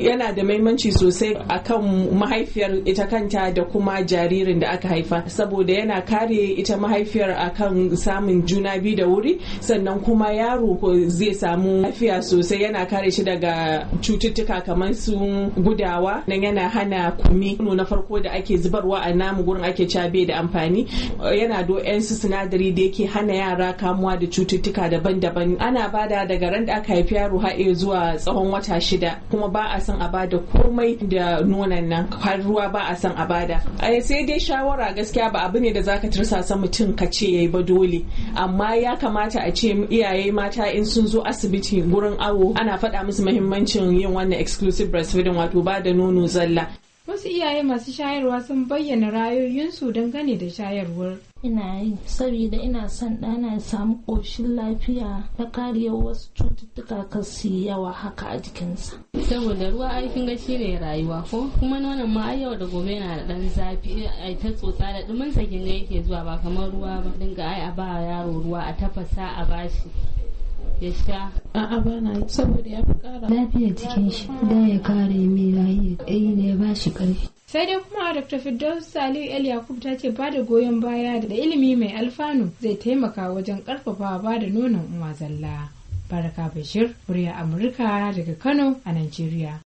yana da mahimmanci sosai akan mahaifiyar ita kanta da kuma jaririn da aka haifa saboda yana kare ita mahaifiyar akan samun juna biyu da wuri sannan kuma yaro ko zai samu lafiya sosai yana kare shi daga cututtuka kamar su gudawa nan yana hana kumi na farko da ake zubarwa a namu gurin ake cabe da amfani yana do su sinadari da yake hana yara kamuwa da cututtuka daban-daban ana bada daga ran da aka haifi yaro har zuwa tsawon wata shida kuma ba a son a bada komai da nonon nan har ruwa ba a son a bada ai sai dai shawara gaskiya ba abu ne da zaka tirsasa mutum ka ce yayi ba dole amma ya kamata a ce iyaye mata in sun zo asibiti gurin awo ana faɗa musu muhimmancin yin wannan exclusive breastfeeding wato ba da nono zalla Wasu iyaye masu shayarwa sun bayyana rayoyinsu dangane da shayarwar. Ina yi saboda ina son ɗana ya samu ƙoshin lafiya na kariyar wasu cututtuka su yawa haka a jikinsa. Saboda ruwa aikin gashi ne shine rayuwa ko kuma nonon ma yau da gobe yana da ɗan zafi a ta tsotsa da dumin sa ga yake zuwa ba kamar ruwa ba dinga ai a ba yaro ruwa a tafasa a bashi. ya sha a'a bana saboda ya fi kara lafiyar jikin shi da ya kare mai lahiya sai dai kuma dr firdaus salihu el yakub ta ce ba da goyon baya da ilimi mai alfanu zai taimaka wajen karfafa ba da nonon uwa zalla baraka bashir murya amurka daga kano a Najeriya.